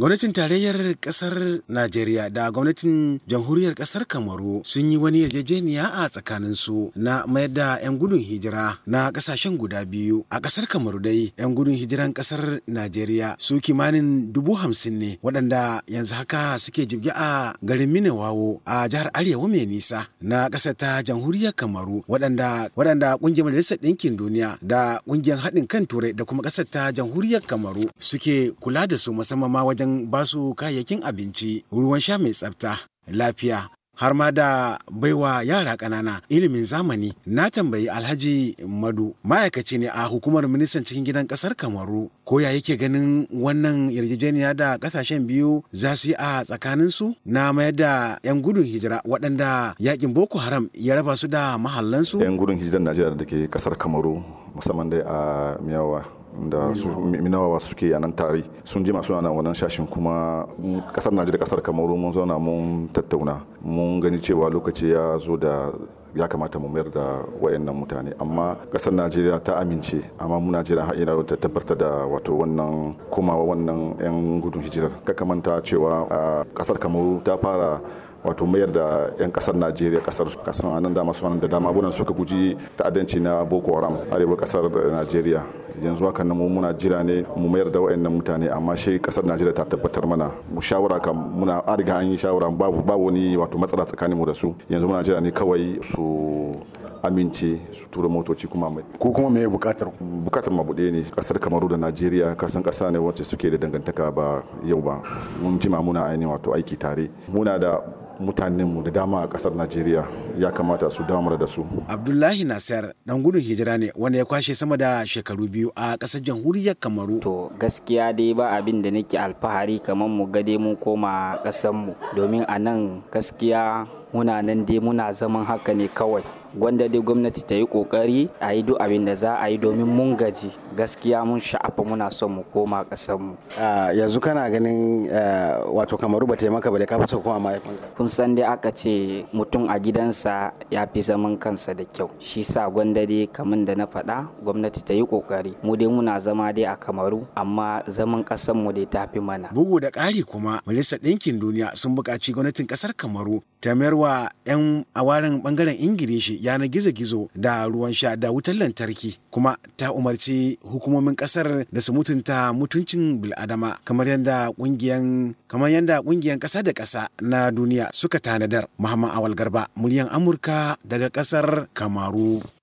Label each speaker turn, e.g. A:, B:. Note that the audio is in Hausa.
A: Gwamnatin tarayyar kasar Najeriya da gwamnatin jamhuriyar kasar Kamaru sun yi wani yarjejeniya a tsakaninsu na mayar da 'yan gudun hijira na kasashen guda biyu. A kasar Kamaru dai 'yan gudun hijiran kasar Najeriya su kimanin dubu hamsin ne waɗanda yanzu haka suke jibge a garin Minewawo a jihar Arewa mai nisa na kasar ta jamhuriyar Kamaru waɗanda waɗanda ƙungiyar Majalisar Ɗinkin Duniya da ƙungiyar haɗin kan Turai da kuma kasar ta jamhuriyar Kamaru suke kula da su musamman ma wajen wajen basu kayayyakin abinci ruwan sha mai tsafta lafiya har ma da baiwa yara ƙanana ilimin zamani na tambayi alhaji madu ma'aikaci ne a hukumar ministan cikin gidan ƙasar kamaru ko ya yake ganin wannan yarjejeniya da ƙasashen biyu za su yi a tsakaninsu na mayar da 'yan gudun hijira waɗanda
B: yakin boko haram ya raba su da mahallansu 'yan gudun hijirar najeriya da ke ƙasar kamaru musamman dai a miyawa da su minawa suke a nan tare sun jima suna nan wannan shashin kuma kasar najeriya kasar kamaru mun zauna mun tattauna mun gani cewa lokaci ya zo da ya kamata mu mayar da wayannan mutane amma kasar najeriya ta amince amma mu najeriya har ina ta tabbatar da wato wannan komawa wannan yan gudun hijirar kakamanta cewa kasar kamaru ta fara wato mayar da 'yan kasar najeriya kasar kasan nan dama su da dama abunan suka guji ta'addanci na boko haram arewa kasar najeriya yanzu haka nan muna jira ne mu mayar da wayannan mutane amma shi kasar najeriya ta tabbatar mana mu shawara kan muna an riga an yi shawara babu babu ni wato matsala tsakanin mu da su yanzu muna jira ne kawai su amince su tura motoci kuma mai ko kuma me bukatar bukatar mu ne kasar kamaru da najeriya kasan kasa ne wacce suke da dangantaka ba yau ba mun jima muna ainihin wato aiki tare muna da mutanenmu da dama a kasar najeriya ya kamata su damar da su abdullahi nasir dan gudun hijira ne wanda ya kwashe sama
A: da
C: shekaru biyu a kasar jamhuriyar kamaru to gaskiya dai ba abin da nake alfahari kamar mu gade mu koma mu domin a nan gaskiya muna nan dai muna zaman haka ne kawai gwanda dai gwamnati ta yi kokari a yi duk abin da za a yi domin mun gaji gaskiya mun sha'afa muna son mu koma kasar mu yanzu kana ganin eh, wato kamaru ba maka ba da kafa koma mahaifinka kun san dai aka ce mutum a gidansa ya fi zaman kansa da kyau shi sa gwanda dai kamar da na faɗa gwamnati ta yi kokari mu dai muna zama dai a kamaru amma zaman kasar mu dai ta fi mana bugu da
A: ƙari kuma majalisar ɗinkin duniya sun buƙaci gwamnatin ƙasar kamaru ta mayar wa 'yan awarin bangaren ingilishi yanar gizo-gizo da ruwan sha da wutar lantarki kuma ta umarci hukumomin kasar da su mutunta mutuncin biladama kamar yadda kungiyan kamar yadda kungiyan kasa da kasa na duniya suka tanadar muhammad awal garba muryan amurka daga kasar kamaru